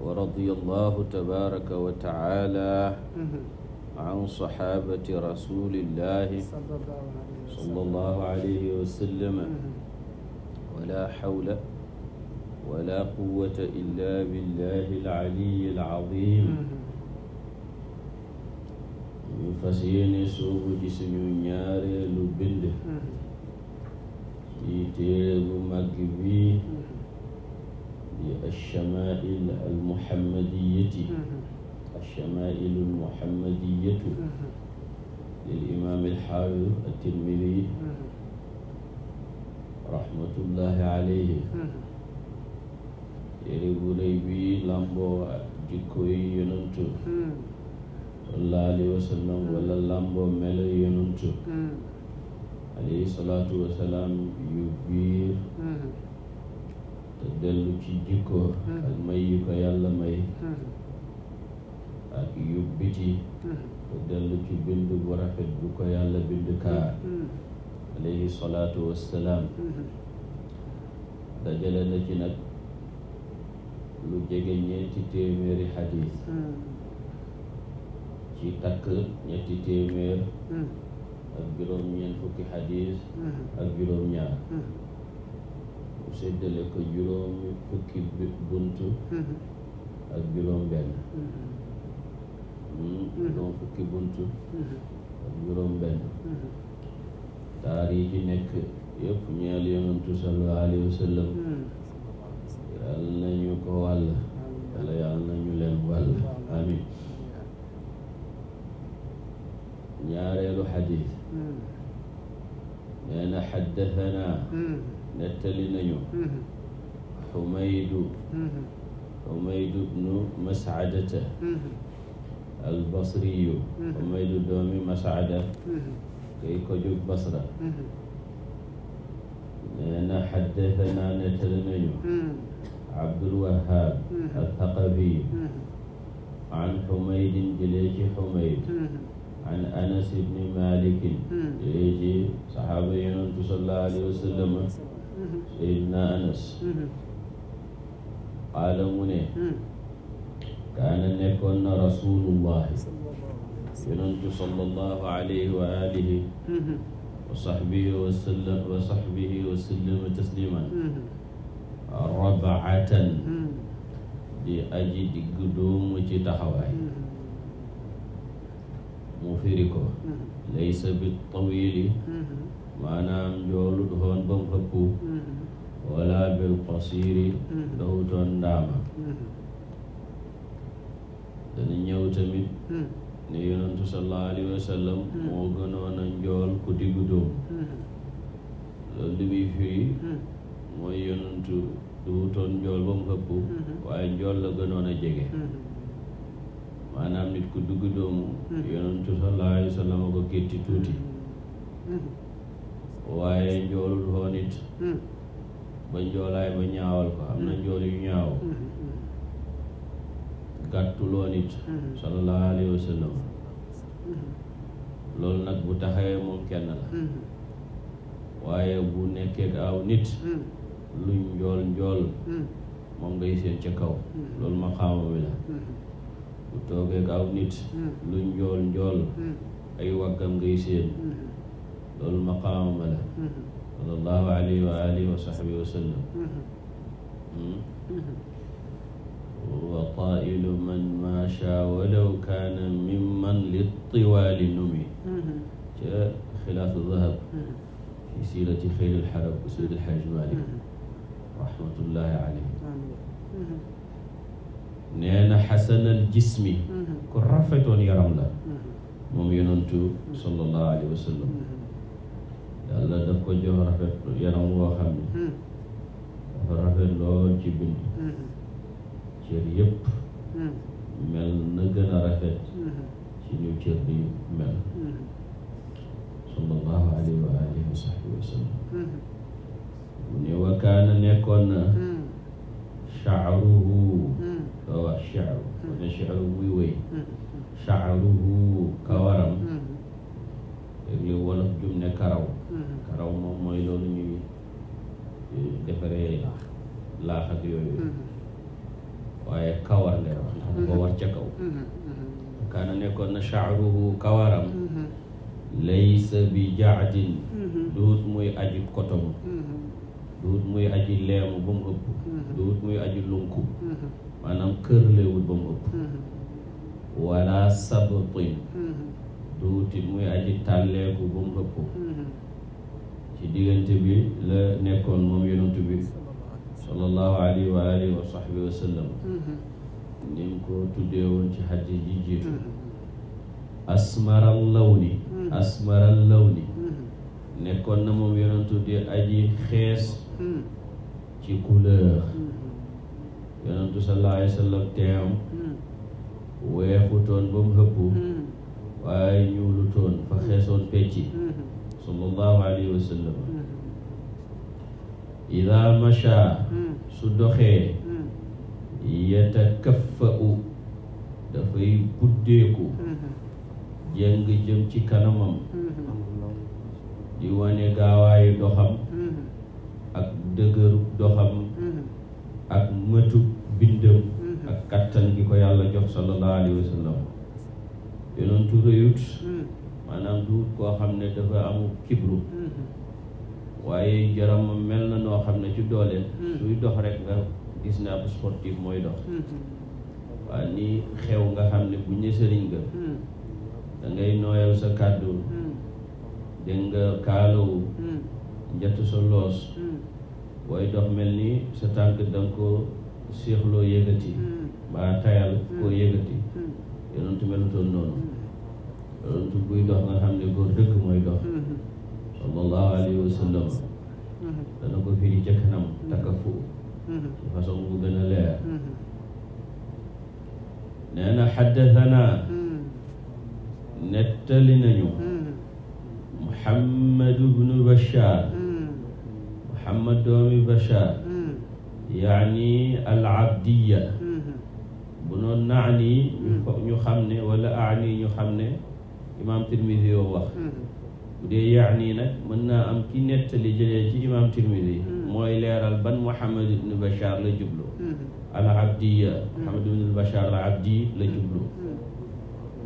wa radiyallahu tabaaraka wa ta'ala an saxaabati rasulillahi sallallahu alayhi wa sallam wala xawla wala quwwata illa billahi al-aliyyi al-azim ñu fas yéene soobu ci suñu ñaareelu bind ci téere bu màgg bi di alchamail almuhammadiyati alchamail almuhammadiyatu lil imaam alxaafid altirmidi rahmatullahi alayhi téere bu rëy bi làmboo jikkoy yonantu sallallahu alayhi wa sallam wala làmboo melo yonantu alayhi salaatu wasalaam yu biir te dellu ci jikko mm. ak may yi ko yàlla may mm. ak yubbiti mm. dellu ci bind bu rafet bu ko yàlla bind kaar alayhi salaatu wassalaam mm-hmm. dajale na ci nag lu jege ñeenti téeméeri xadiis ci takk ñetti téeméer ak juróom ñeent fukki xadiis mm-hmm. ak juróom ñaar mm-hmm. séddale ko mm-hmm. mm-hmm. Mm-hmm. juróom fukki bunt ak juróom fukki bunt ak juróom benn taar yi ci nekk yëpp ñeel yonantu sallallahu alayhi wa sallam yàlla nañu ko wàll wala yàlla nañu leen wàll amin nettali nañu xumaydu xumaydu bnu mascadata albasriyu xumaydu doomi mascada kay ko jub basra nee na xaddatanaa nettali nañu abdulwahaab althaqafiyu an xumaydin jëlee ci xumayd an anas ibni malikin jëlee ci saxaaba yonentu sallallahu alayhi wa sallam sayyidina anas qaala mm-hmm. mu ne mm-hmm. kaana nekkoon na rasulullahi yonentu sallallahu alayhi wa alihi mm-hmm. wa sahbihi wa sallam wa sahbihi wa sallama tasliman rabaatan di aji digg doomu ci taxawaay mu firi ko laysa bi tawili maanaam joolu doxoon ba mu xëpp wala bil qasiri dawutoon ndaama dana ñëw tamit ne yonentu sallallahu alayhi wa sallam moo gënoon a njool ku diggu dóom loolu li muy firi mooy yonentu duwutoon njool ba mu xëpp waaye njool la gënoon a jege maanaam nit ku dugg doomu yonentu sallallahu alayhi wa sallam ko gétti tuuti waaye njoolul woon ba njoolaay ma ñaawal ko am na mm. njool yu ñaaw mm, mm. gàttu lool it sallallahu alayhi wa loolu nag bu taxawee moom kenn la waaye bu nekkee aw nit lu njool njool moom ngay seen ca kaw loolu ma xaama bi la bu toogee aw nit lu njool njool ay waggam ngay seen loolu ma xaama la sallallahu alayhi wa alihi wa sahbihi wa sallam hmm? wa tailu man macha walaw kaana mimman littiwaali numi ca xilaafu dahab fi siirati xayril xarab Seydi El Hadji Malick rahmatullahi alayhi nee na xasanal jismi ku rafetoon yaram la moom yonantu sallallahu alayhi wa sallam yàlla daf ko jox rafet yaram woo xam ne hmm. rafet lool ci bind hmm. cër hmm. mel na gën rafet ci ñu cër mel sallallahu alayhi wa alihi wa sahbihi wa sallam mu ne wa kaana nekkoon na chaaruhu ka wax chaaru mu ne karaw raw moom mooy loolu ñuy e, defaree laax yooyu mm-hmm. waaye kawar ngay wax ndax dafa mm-hmm. war ca kaw mm-hmm. kaana nekkoon na shaaruhu kawaram laysa bi jaadin duut muy aji kotom duut muy aji leemu ba mu ëpp duut muy aj lunku maanaam kër leewul ba mu ëpp wala sabtin duuti muy aji tàlleeku ba mu ëpp ci diggante bi la nekkoon moom yonent bi sallallahu alayhi wa alihi wa sahbihi wa sallam mm-hmm. ni ko tuddee ci xaj ji jiitu asmaral lawni asmaral nekkoon na moom yonentu di aji xees mm-hmm. ci couleur mm-hmm. yonentu sallallahu alayhi wa sallam teem weexutoon ba mu waaye ñuulutoon fa xeesoon pecci sallallahu alayhi wa sallam mm. ida mm. su doxee mm. yatakaffa'u dafay buddeeku mm-hmm. jëng jëm ci kanamam mm-hmm. di wane gaawaayu doxam mm-hmm. ak dëgëru doxam ak mëtu bindam ak kattan gi ko yàlla jox sallallahu alayhi wa sallam yonentu maanaam du koo xam ne dafa amu kibru mm-hmm. waaye jaram mel na noo xam ne ci dooleen mm-hmm. suy dox rek nga gis ne ab sportif mooy dox mm-hmm. waa ni xew nga xam ne bu ñu sëriñ nga mm. da sa kàddu mm. dégg nga kaalawu mm. njëtt sa loos booy dox mel ni sa tànk da nga ko séexloo yëkkati mbaa tayal koo yëkkati yonentu melutoon noonu yonentu buy dox nga xam ne góor dëgg mooy dox sallallahu alayhi wa sallam hmm. dana ko firi ca kanam hmm. takkafu ci hmm. façon bu gën a leer nee na xaddathana nettali nañu muhammadu bnu bashar muhammad doomi bashar yaani al abdiya bu noon naani ñu xam ne wala aani ñu xam ne imaam Tirmidi yoo wax hmm. bu dee yaani nag mën naa am ki nettali jëlee ci imaam Tirmidi hmm. mooy leeral ban Muhammad ibnu Bashar la jublu hmm. al abdiya Muhammad ibnu Bashar al abdi la jublu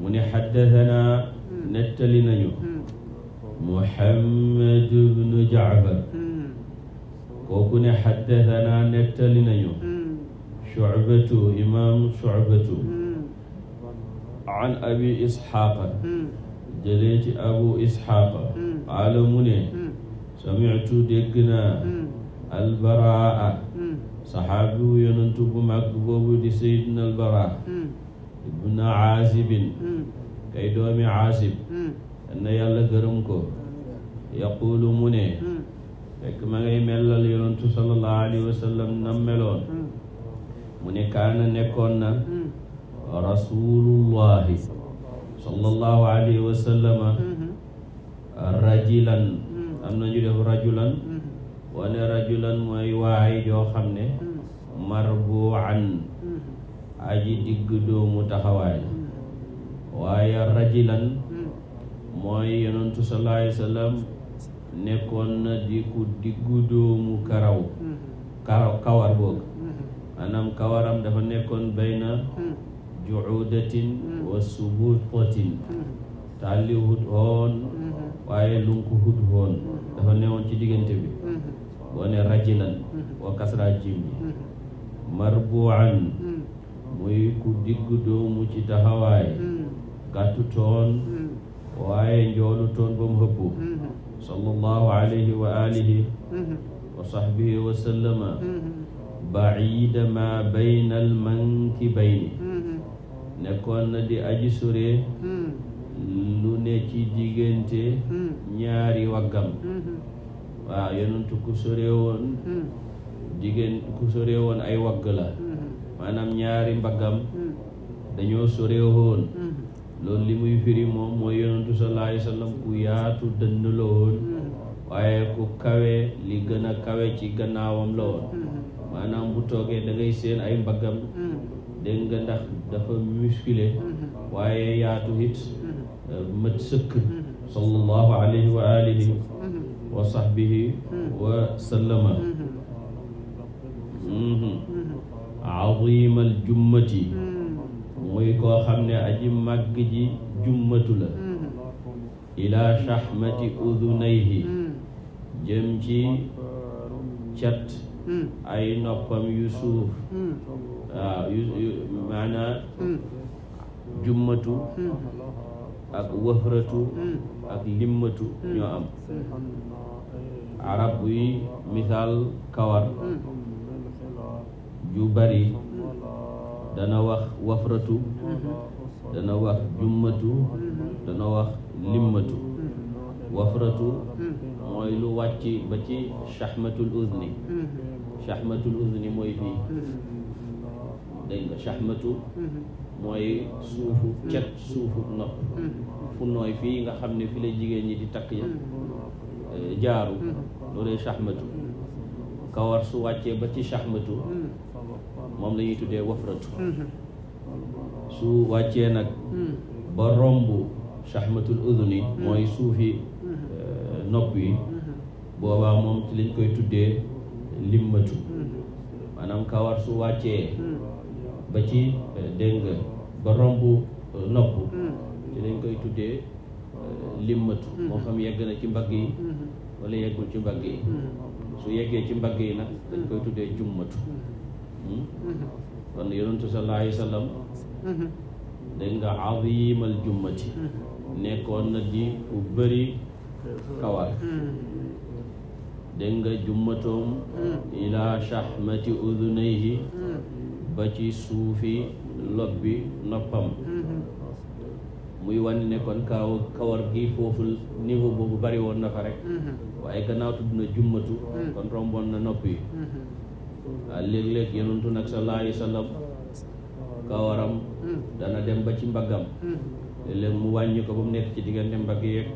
mu ne xaddatanaa nettali nañu Muhammad ibnu Jaafar kooku ne xaddatanaa nettali nañu Shucbatu imaam Shucbatu an abi Isxaaqa jëlee ci abu isxaaqa hmm. qaala mu ne hmm. samictu dégg naa hmm. albaraa saxaabi wu yonantu bu màgg boobu di sayidna albara ibna caasibin kay doomi caasib na yàlla gërëm ko yaquulu mu ne fekk ma ngay ne kaana nekkoon na sallallahu alayhi wa sallama mm-hmm. rajulan mm-hmm. am na ñu def rajulan mm-hmm. wane rajulan mooy waay joo xam ne marbuan aji digg doomu taxawaay waaye rajulan mooy yonentu sallallahu alayhi wa nekkoon na di ku diggu doomu karaw karaw kawar boog maanaam kawaram dafa nekkoon bayna juudatin mm. wa subutatin mm. tàlli hut hoon mm-hmm. waaye lunku hut hoon mm-hmm. dafa newoon ci diggante bi mm-hmm. wone rajilan wa kasra jim bi marbuan mm. muy ku diggu doomu ci taxawaay gàttu toon waaye njoolu toon ba mu hëbbu sallallahu alayhi wa alihi wa sahbihi wa sallama baida ma bayna almankibayni nekkoon na di aji sore hmm. lu ne ci diggante hmm. ñaari waggam hmm. waaw yonentu ku sore woon diggante ku sore woon ay wagg la maanaam ñaari mbaggam dañoo sore woon loolu li muy firi mooy yonentu sallallahu alayhi wa ku yaatu dënn la woon waaye ku kawe li gën a kawe ci gannaawam la woon maanaam bu toogee dangay ngay seen ay mbaggam dégg nga ndax dafa musculé mm-hmm. waaye yaatu it mm-hmm. euh, mat sëkk mm-hmm. sallallahu alayhi wa alihi wa sahbihi wa sallama jummati muy koo xam ne aji màgg ji jummatu la ila shahmati udunayhi jëm ci ay noppam yu suuf waaw ah, yu maanaa hmm. jummatu hmm. ak wëhratu hmm. ak limmatu ñoo am arab buy misaal kawar ju bari dana wax wafratu dana wax jummatu dana wax limmatu wafratu mooy lu wàcc ba ci chaxmatul uzni chaxmatul uzni mooy fii dégg nga mm-hmm. mooy suufu mm-hmm. cet suufu nopp mm-hmm. fu nooy fii nga xam ne fi la jigéen ñi di takk ya eh, jaaru loolay chahmatu kawar su wàccee ba ci chahmatu moom lañuy tuddee wafratu su wàccee nag ba romb chahmatul uduni mooy suufi eh, nopp yi boobaa moom ci lañ koy tuddee limmatu maanaam kawar su wàccee ba ci euh, dégg nga ba romb euh, nopp mm. ci dañ koy tuddee euh, limatu mm-hmm. moo xam yegg na ci mbagg yi mm-hmm. wala yeggul ci mbagg yi mm-hmm. su yeggee ci mbagg yi nag dañ koy tuddee jummatu hmm? kon yonentu sallallahu alayhi wa sallam dégg nga azimal nekkoon na di ku bari kawar dégg nga jummatoom ila shahmati udunayhi ba ci suufi bi noppam mm-hmm. muy wane ne kon kaaw kawar gi foofu niveau boobu bari woon na fa rek mm-hmm. waaye gannaaw tudd na jummatu mm-hmm. kon romboon na nopp yi waaw léeg-léeg yonentu nag sallallahu alayhi wasallam kawaram dana dem ba ci mbaggam léeg-léeg mu wàññi ko ba mu nekk ci diggante mbagg yeeg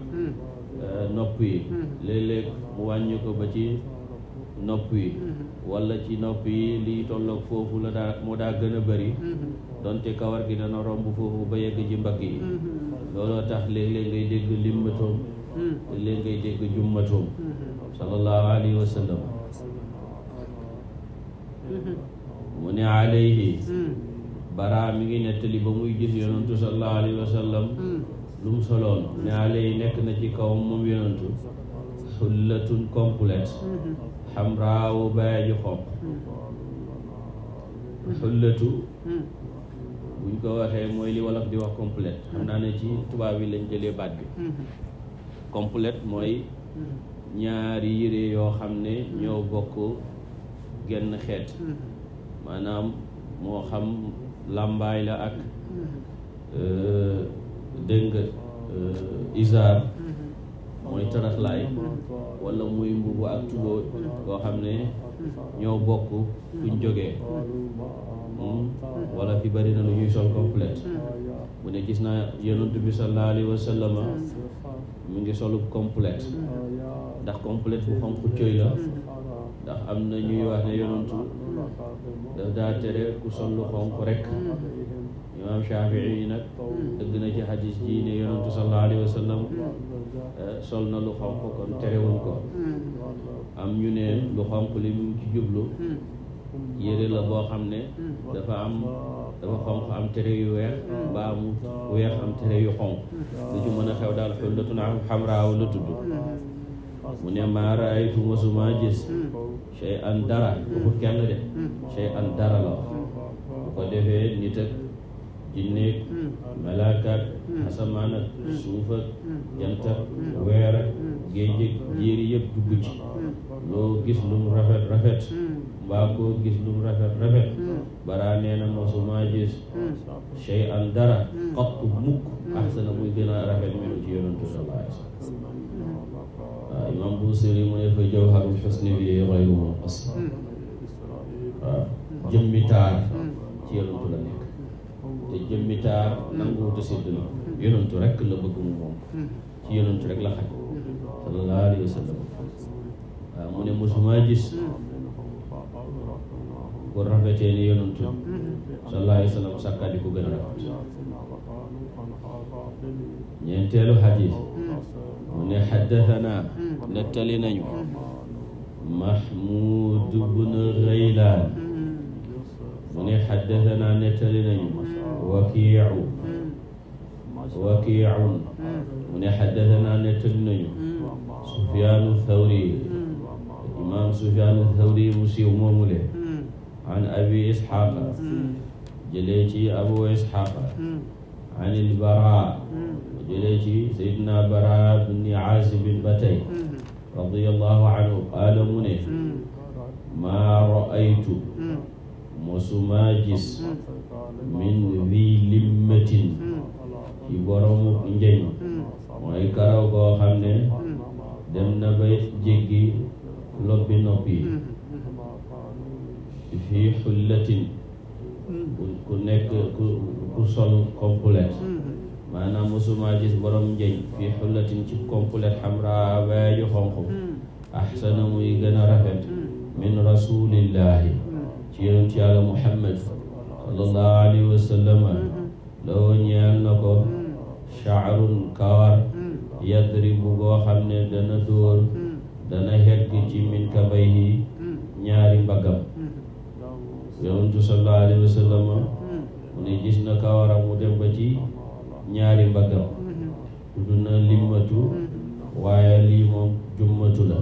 euh, nopp yi léeg-léeg mu wàññi ba ci nopp yi mm-hmm. wala ci nopp yi liy tolloog foofu la daa moo daa gën a bari mm-hmm. donte kawar gi dana romb foofu ba yegg ci mbagg yi mm-hmm. looloo tax léeg-léeg ngay dégg limmatoom léeg-léeg ngay dégg jummatoom sallallahu alayhi wa mu ne alayhi baraa mi ngi nettali ba muy gis yonantu sallallahu alayhi wa sallam lu mu ne alayhi nekk na ci kawam moom yonantu xullatun complète xamraawu baaji xonq xullatu buñ ko waxee mooy li wolof di wax complète xam naa ne ci tubaab yi lañ jëlee baat bi complète mooy ñaari yére yoo xam ne ñoo bokk genn xeet maanaam moo xam làmbaay la ak euh, dëng euh, isaar mooy tëraxlaay wala muy mbubu ak tuboo koo xam ne ñoo bokk fuñ jógee hmm? wala fi bari na lu ñuy sol complète mu ne gis naa yonent bi sallallahu alayhi mu ngi solub complète ndax complète bu xonq cooy la ndax am na ñuy wax ne yonentu daf daa tere ku sol lu xonq rek imaam Shafii nag dëgg na ci xadis ji ne yonentu eh, sol na lu xonq kon terewuñ ko am ñu ne lu xonq li mu ci jublu yére la boo xam ne dafa am dafa xonq am tere yu weex ba am weex am tere yu xonq lu ci mën a xew daal xullatun xamraaw la tudd mu ne maa raaytu masuma gis shay an dara bu kenn de shay an dara la bu ko defee nit ak jinneeg hmm. malaakaak hmm. asamaan ak hmm. suuf ak jant ak weer ak géej loo gis lum rafet rafet mbaa koo gis lum rafet rafet baraa nee na mosuma gis shay an dara xottu mukk axsana muy gën a rafet minu ci yonentu sallallahu alayhi wa sallam waaw imam Buusiri mu ne fa jawharul xusni bi xayru munqas waaw te jëmmi taar nanguwut a séddaloo yonantu rek la bëgg mu moom ci yonantu rek la xaj sallallahu alayhi wa ku rafetee ni yonantu sallallahu alayhi wa sallam sàkkaat yi ko gën nettali nañu Mahmoud bun Ghaylaan mu ne nettali nañu wakiicu mm. wakiicun mm. mu ne xaddatanaa nettali nañu mm. sufiaanu thawri imaam sufiaanu thawri mu siiw moomule an abi isxaaqa jëlee ci abu isxaaqa an ilbara jëlee ci sayidna bara bni aazibin ba tey radiallahu anhu qaala mu ne maa raaytu masumaa gis min zi limmatin ci boromu njeñ mooy karaw goo xam ne dem na bay jéggi lobbi noppi fii xullatin ku nekk ku sol complet maanaam mosuma gis borom njeñ fii xullatin ci complet xamraa weeju xonq axsana muy gën a rafet min rasulillahi ci yonent muhammad sallallahu alayhi wa sallam mm-hmm. loo ñeel na ko chaarun mm-hmm. kawar mm-hmm. yadribu goo xam ne dana dóor dana hegg ci min kabayhi ñaari mbaggam yonentu sallallahu alayhi wa sallam mu ne gis na kawaram mu dem ba ci ñaari mbaggam tudd na limmatu la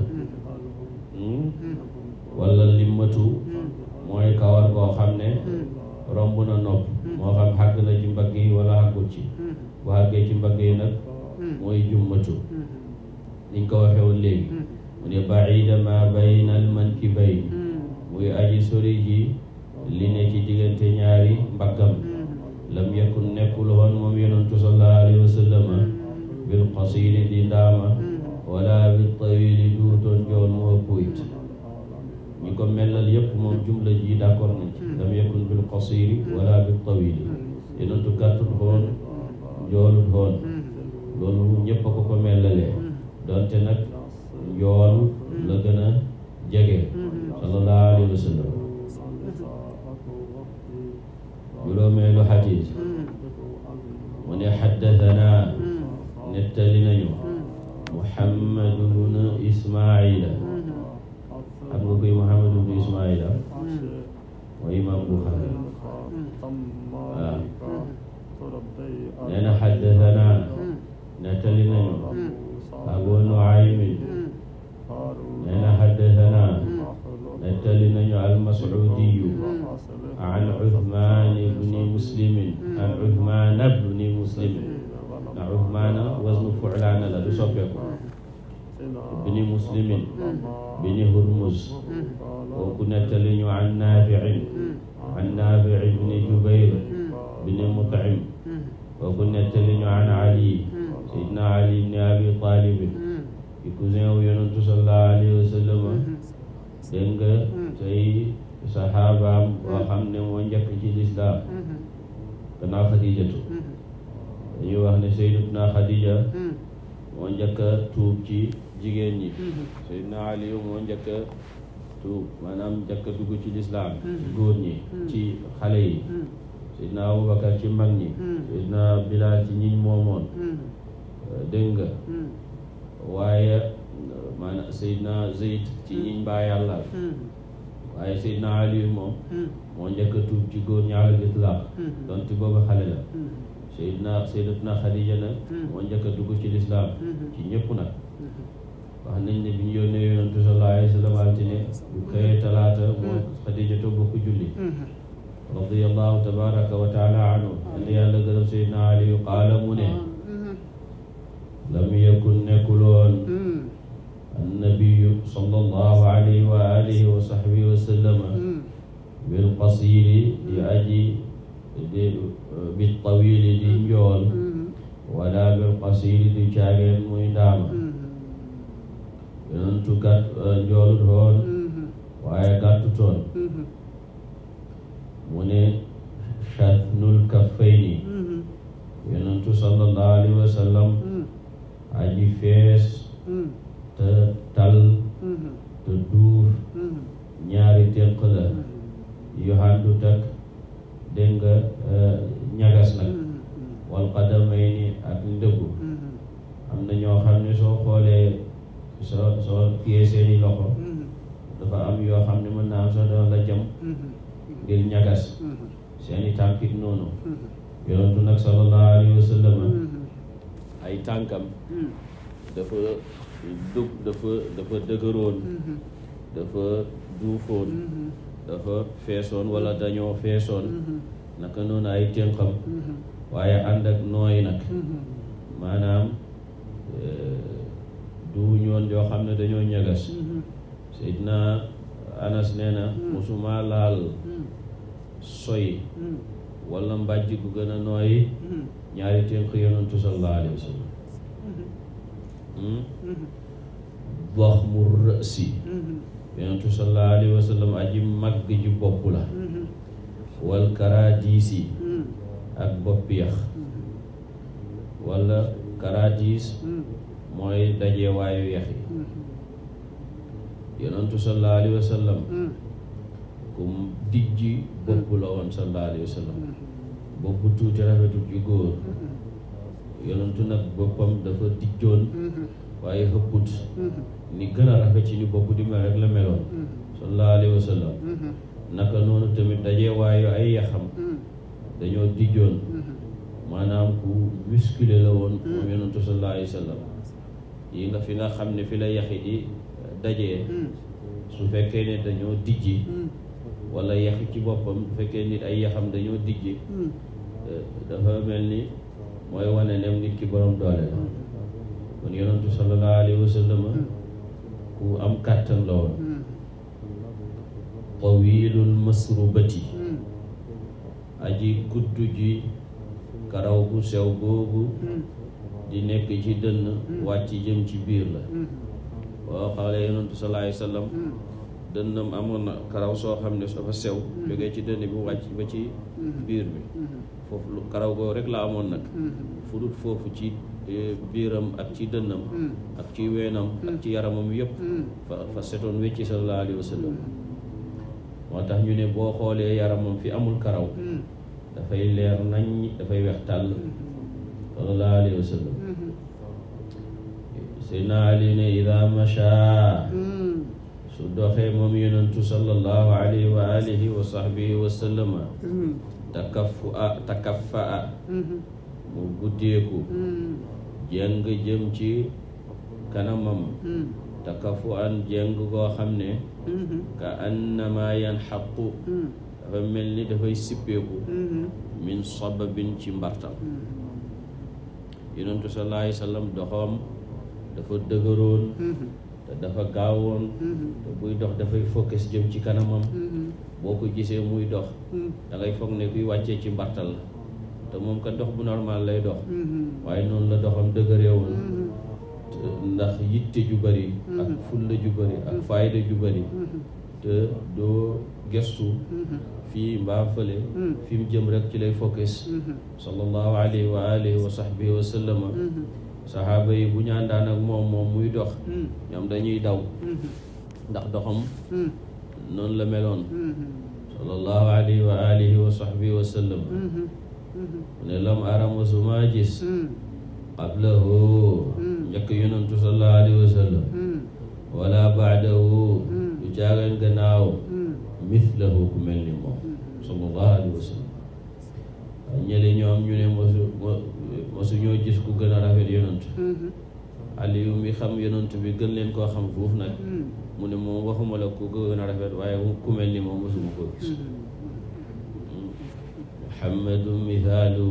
hmm? wala limmatu mooy kawar goo ne romb na nopp moo xam xàgg na ci mbagg yi wala xàggut ci bu xàggee ci mbagg yi nag mooy jummatu niñ ko waxee woon léegi mu ne baida ma bayna al mankibayn muy aji sori ji li ne ci diggante ñaari mbaggam lam yakun nekkul woon moom yonentu sallallahu alayhi wa sallama bil qasiri di wala bil tawili duutoon joon moo kuit ñi ko melal yépp moom jumla ji d'accord nañ ci lam yakun bil qasiri wala bil tawili yenentu gàttut woon njoolul woon loolu ñëpp a ko ko mellalee donte nag njool la gën a jege sallallahu alayhi wa sallam juróomeelu xadiis mu ne xadda Bukhari muslimin mm. mm. bini hurmus mm. kooku nettali ñu an naafiin an naafi bini jubair bini mutaim kooku nettali ñu an ali sayidna ali bni abi talibin di cousin wu yonentu sallallahu alayhi wa sallam mm-hmm. dégg nga tey saxaabaam boo xam ne moo njëkk ci lislaam mm-hmm. gannaaw xadijatu mm-hmm. dañuy wax ne sayyidatuna xadija moo njëkk a tuub ci jigéen ñi mm-hmm. Seydina Ali moo njëkk a tuub maanaam njëkk a ci lislaam ci mm-hmm. góor ñi mm-hmm. ci xale yi Seydina Abubakar ci mag ñi Seydina Bilaal ci ñiñ moomoon euh, dégg nga waaye maanaam Seydina Zayd ci ñiñ baa yàlla waaye Seydina Ali moom moo njëkk tuub ci góor ñi alal itlaq donte booba xale la Seydina Seydatuna Xadija nag moo njëkk a ci lislaam ci ñëpp nag wax nañ ne bi ñu yónnee yonent bi sallallahu alayhi wa sallam altine bu xëyee talaata moo hmm. xadijatu bokk julli hmm. radiallahu tabaraka wa taala anhu hmm. an yàlla gërëm saydna ali yu qaala mu ne lam yakun nekkuloon annabiyu sallallahu alayhi wa alihi wa sahbihi wa sallama bil qasiri di aji di bi tawili di njool wala bil qasiri di caageen muy ndaama yonentu gàtt eh, njoolutoon mm-hmm. waaye gàttutoon mm-hmm. mu ne shatnul kaffayni mm-hmm. yonentu sallallahu alayhi wa sallam fees tal te duuf ñaari teq la soo téye seeni loxo mm-hmm. dafa am yoo xam ne mën naa am sax dana la jëm mm-hmm. ngir ñagas mm-hmm. seeni tànkit noonu yonentu nag sallallahu alayhi ay tànkam dafa dug dafa dafa dëgëroon dafa duufoon dafa feesoon wala dañoo feesoon naka noonu ay tënkam waaye ànd ak nooy nag maanaam du ñoon yoo xam ne dañoo ñagas mm-hmm. Seydina Anas nee na mm. musuma laal mm. soy mm. wala mbàjj gu gën a nooy ñaari tënk yonantu sallallahu alayhi wa sallam mm-hmm. Hmm? Mm-hmm. mu rësi yonantu sallallahu alayhi aji màgg ji bopp la wal karadiisi ak bopp yax wala karadiis mooy dajeewaayu yax yi mm-hmm. yonantu sallallahu alayhi wa sallam mm. kum dijji bopp la woon sallallahu alayhi wa sallam mm-hmm. tuuti rafetul ju góor mm-hmm. yonantu nag boppam dafa dijjoon waaye xëpput ni gën a rafet ci ni bopp di mel rek la meloon sallallahu alayhi wa naka noonu tamit dajeewaayu ay yaxam dañoo dijjoon maanaam ku musculé la woon moom yonantu sallallahu alayhi wa sallam yi nga fi nga xam ne fi la yaxi di euh, dajee mm. su fekkee ne dañoo dijji mm. wala yaxi ci boppam bu fekkee nit ay yaxam dañoo dijji mm. euh, dafa mel ni mooy wane ne nit ki borom doole la kon yonentu sallallahu alayhi ku am kàttan la woon tawilul masrubati aji gudd ji karaw gu sew boobu di nekk ci dënn mm. wàcc jëm ci biir la boo mm. xoolee yonentu sallallahu alayhi mm. dënnam amoon na karaw soo xam ne dafa sew jógee ci dënn bi wàcc ba ci biir bi foofu lu karaw goo rek la amoon nag fu dut foofu ci e, biiram ak ci dënnam ak ci weenam ak ci yaramam yépp fa fa setoon wecci sallallahu alayhi moo tax ñu ne boo xoolee yaramam fi amul karaw dafay leer nañ dafay weex tàll sallallahu alayhi wa sallam mm-hmm. Seydina Ali ne ida macha mm. su doxee moom yonentu sallallahu alayhi wa alihi wa sahbihi wa sallama mm-hmm. takaffu a takaffa a mm-hmm. mu guddeeku mm. jëng jëm ci kanamam mm. takaffu an jëng koo xam ne ka annama yanxaqu dafa mel ni dafay sippeeku min sababin ci mbartal yonentu sallallahu alayhi wa sallam doxoom dafa dëgëroon mm-hmm. te dafa gaawoon mm-hmm. te buy dox dafay focus jëm ci kanamam mm-hmm. boo ko gisee muy dox dangay ngay ne kuy wàccee ci mbartal la te moom ka dox bu normal lay dox waaye noonu la doxam dëgëreewoon ndax yitte ju bëri ak fulla ju bëri ak fayda ju bëri te doo gestu mm-hmm. fii mbaa fële mm-hmm. fi mu jëm rek ci lay focus sallallahu alayhi wa wa sahbihi bu ñu àndaan moom moom muy dox ñoom dañuy daw ndax doxam noonu la meloon sallallahu alayhi wa alihi wa wa ne lam aram wasuma gis mm-hmm. qablahu njëkk yonantu sallallahu alayhi wala baadahu du jaagan gannaaw mithlahu ku mel ni moom sallallahu alayhi wa sallam ñële ñoom ñu ne mosu mosu ñoo gis ku gën a rafet yonant mm-hmm. Aliyu mi xam yonant bi gën leen koo xam foofu nag mm-hmm. mu ne moom waxuma la ku gën a rafet waaye ku mel ni moom mosuma koo gis mm-hmm. Muhammadu mithaalu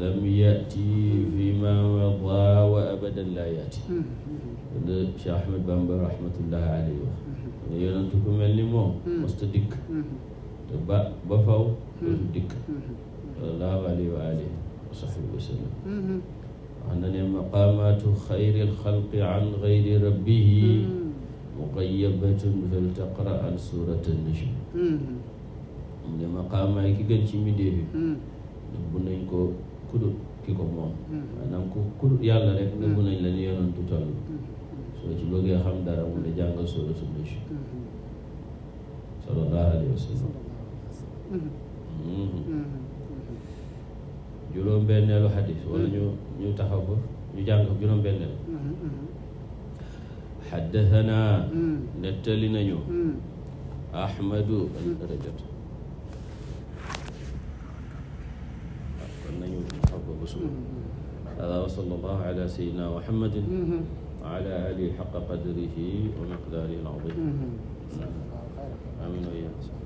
lam yati fi ma mada wa abadan laa yati Cheikh Ahmed Bamba rahmatullah alayhi ne yonentu ku mel ni moom hmm. masta dikk hmm. te ba ba faw hmm. dootu dikk sallallahu alayhi wa alihi wa sahbihi wax na ne maqaamaatu xayri alxalqi an gayri rabbihi mu ne maqaamaay ki gën ci mbindéef yi nëbbu nañ ko kudut ki ko moom maanaam ku kudut yàlla rek nëbbu nañ la ni yonentu soo ci bëggee xam dara mu ne jàngal sóoratu Mulk sallallahu alayhi wa sallam juróom-benneelu xadis wala ñu ñu taxaw ko ñu jàng ko juróom-benneelu xaddasanaa mm-hmm. mm-hmm. mm-hmm. nettali nañu ahmadu rajot kon nañu taxaw ko ba suba hada wa sallallahu ala sayyidina muhammadin wa ala alihi xaqa qadrihi wa miqdaarihi al-aziim amiin